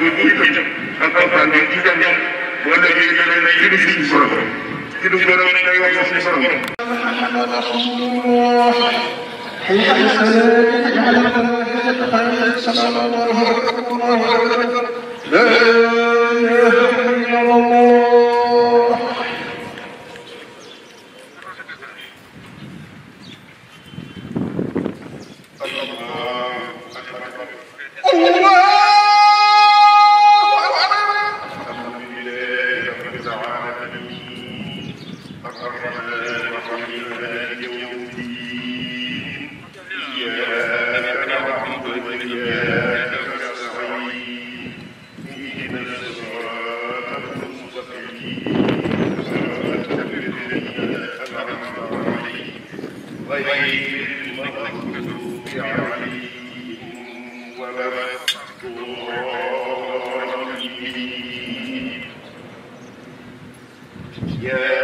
góorgóorlu itam ak alxuraan bi ci jàngal boo demee dana ne yëngu suñu borom yëngu borom day wax suñu borom. حي على الصلاة اجعل القرآن صلى الله عليه وسلم لا إله إلا الله Yeah.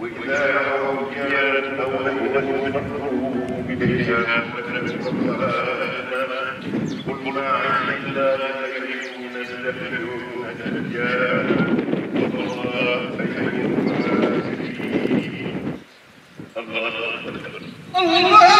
وإذا رأوا الجنة ويوم فقروا إليها قل ما إلا الذين يستحيون الجنة والله خير الله أكبر الله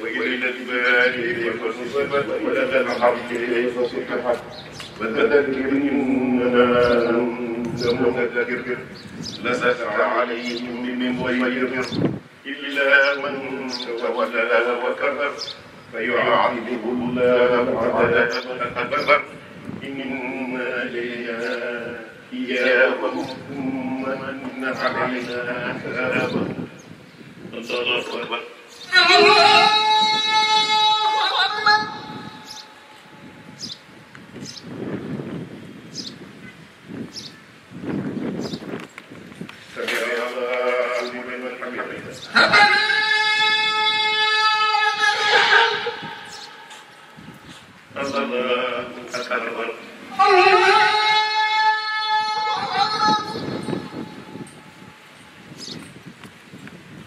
وإلى الجبال فصفت ولدى الحرب فصفحت فذكر إنما أنت مذكر لست عليهم من غير إلا من تولى وكفر فيعذبه الله عذابا أكبر إنا إلينا إياهم ثم من علينا حسابا الله أكبر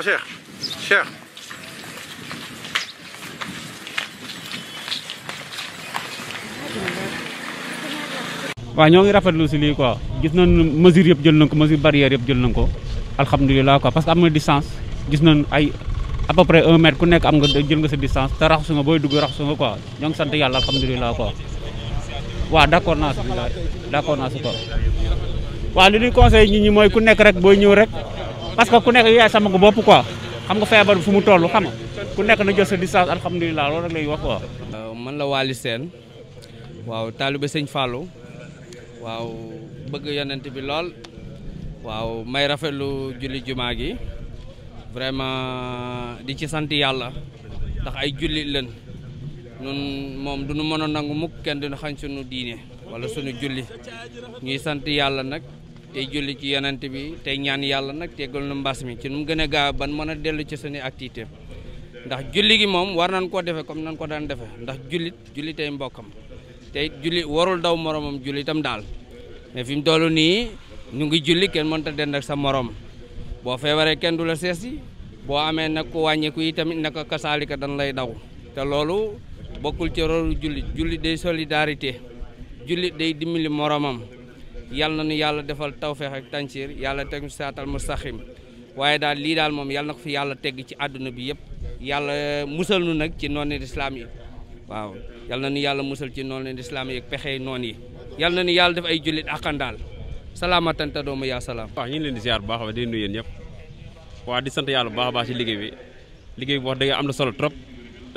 Cheikh ah, Cheikh waa ñoo ngi rafetlu si lii quoi gis nañu mesure yëpp jël na ko mesure barrière yëpp jël nañ ko alhamdulilah quoi parce que am na distance gis na ay à peu près un ku nekk am nga jël nga sa distance te raxasu nga booy dugg raxasu nga quoi ñoo ngi sant yàlla alhamdulilah quoi waaw d' accord naa si bilaay d' accord naa waaw li ñuy conseil nit ñi mooy ku nekk rek booy ñëw rek parce que ku nekk yaay sama ko bopp quoi xam nga feebar fu mu toll xam ku nekk na jël sa distance alhamdulilah loolu rek lay wax quoi. man la Waly Sène waaw taalibe Sëñ Fallou. waaw bëgg yonent bi lool waaw may rafetlu julli jumaa gi vraiment di ci sant yàlla ndax ay jullit leen nun moom dunu nu mën a nangu mukk kenn du nu xañ sunu diine wala sunu julli ñuy sant yàlla nag tey julli ci yonent bi tey ñaan yàlla nag teggal nu mbas mi ci nu mu gën a gaaw ban mën a dellu ci sunu activité ndax julli gi moom war nañ koo defe comme nañ ko daan defe ndax jullit julli mbokkam tey julli warul daw moromam julli itam daal mais fi mu toll nii ñu ngi julli kenn mënta dend ak sa moroom boo feebaree kenn du la sees yi boo amee nag ku wàññeeku yi tamit naka kasaalika dan lay daw te loolu bokkul ci rolu julli julli day solidarité julli day dimmili moromam yal na nu yàlla defal tawfeex ak tànciir yàlla teg ñu saatal mustaqim waaye daal lii daal moom yàlla na ko fi yàlla tegg ci àdduna bi yëpp yàlla musal nu nag ci noonu lislaam yi waaw yal na nu yàlla musal ci noonu leen islaam yeeg pexe noon yi yal na nu yàlla def ay jullit àqandaal salaamatan ta doomu yaa salaam. waaw ñu ngi leen di ziar bu baax di nuyu yéen ñëpp waaw di sant yàlla bu baax baax ci liggéey bi liggéey bi wax dëgg am na solo trop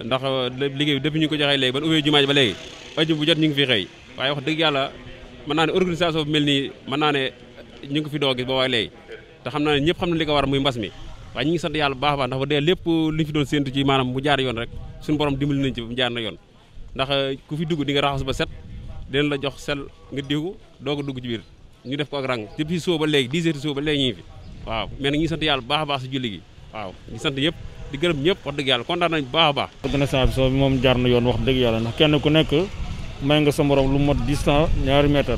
ndax euh, liggéey bi depuis ñu ko joxee léegi ban ubbee jumaa ba léegi aju bu jot ñu ngi fi xëy waaye wax dëgg yàlla mën naa ne organisation bu mel nii mën naa ne ñu ngi fi doo gis ba waaye léegi te xam naa ne ñëpp xam na li ko war muy mbas mi waaye ñu ngi sant yàlla bu baax a baax ndax ba dee lépp liñ fi doon séentu ci maanam mu jaar yoon rek suñu borom dimbali nañ ci mu jaar eh, fi dugg di nga raxas ba set dinañ la jox sel nga dugg ci biir ñu def ko ak rang depuis soo ba léegi 10 heures soo ba léegi ñu ngi fi ñu ngi sant yàlla bu baax a baax gi waaw ñu sant yëpp di gërëm ñëpp wax dëgg yàlla kontaan nañ bu baax a baax organisation bi jaar na yoon wax dëgg yàlla ndax kenn ku nekk may nga sa morom lu mot distance ñaari mètre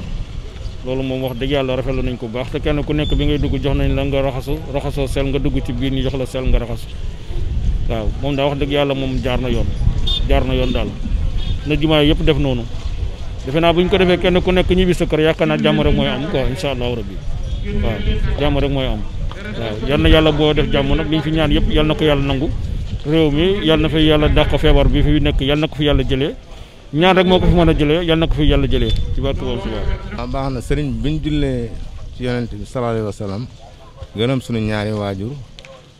loolu moom wax dëgg yàlla rafetlu nañ ko bu baax te kenn ku nekk bi ngay dugg jox nañ la nga raxasu raxasoo sel nga dugg ci biir ñu jox la sel nga raxasu waaw moom daa wax dëgg yàlla moom jaar na yoon jaar na yoon daal na jumaa yëpp def noonu defe naa bu ñu ko defee kenn ku nekk ñibbi sa kër yaakaar naa jàmm rek mooy am quoi incha allahu rabbi waaw jàmm mooy am waaw yal na yàlla boo def jàmm nag ñu fi ñaan yëpp yal na ko yàlla nangu réew mi yàlla na fi yàlla dàq feebar bi fi nekk yal na ko fi yàlla jëlee ñaan rek moo ko fi mën a jëlee yal na ko fi yàlla jëlee ci barke Borom Tuubaa. baax na sëriñ bi ñu jullee ci yonent bi salallaahu alayhi wa salaam gërëm suñu ñaari waajur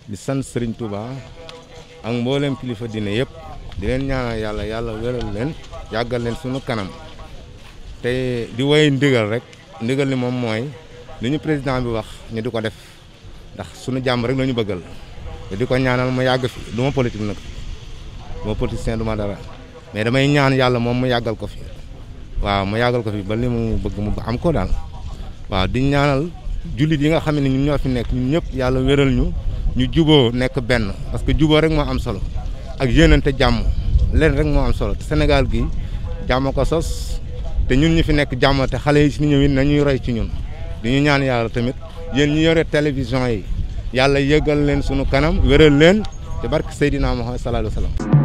di san sëriñ Touba ak mboolem kilifa diine yëpp di leen ñaanal yàlla yàlla wéral leen yàggal leen suñu kanam te di woy ndigal rek ndigal li moom mooy li ñu président bi wax ñu di ko def ndax sunu jàmm rek la ñu bëggal te di ko ñaanal ma yàgg fi du ma nag du ma politicien du dara. mais damay ñaan yàlla moom mu yàggal ko fi waaw mu yàggal ko fi ba li mu bëgg mu am ko daal waaw di ñaanal jullit yi nga xam ne ñun ñoo fi nekk ñun ñëpp yàlla wéral ñu ñu juboo nekk benn parce que juboo rek moo am solo ak te jàmm leen rek moo am solo te Sénégal gi jàmm ko sos te ñun ñu fi nekk jàmm te xale yi si ñëw it nañuy roy ci ñun dañuy ñaan yàlla tamit yéen ñu yore télévision yi yàlla yëgal leen sunu kanam wéral leen te barke Seydina Muhammad sallallahu alayhi wa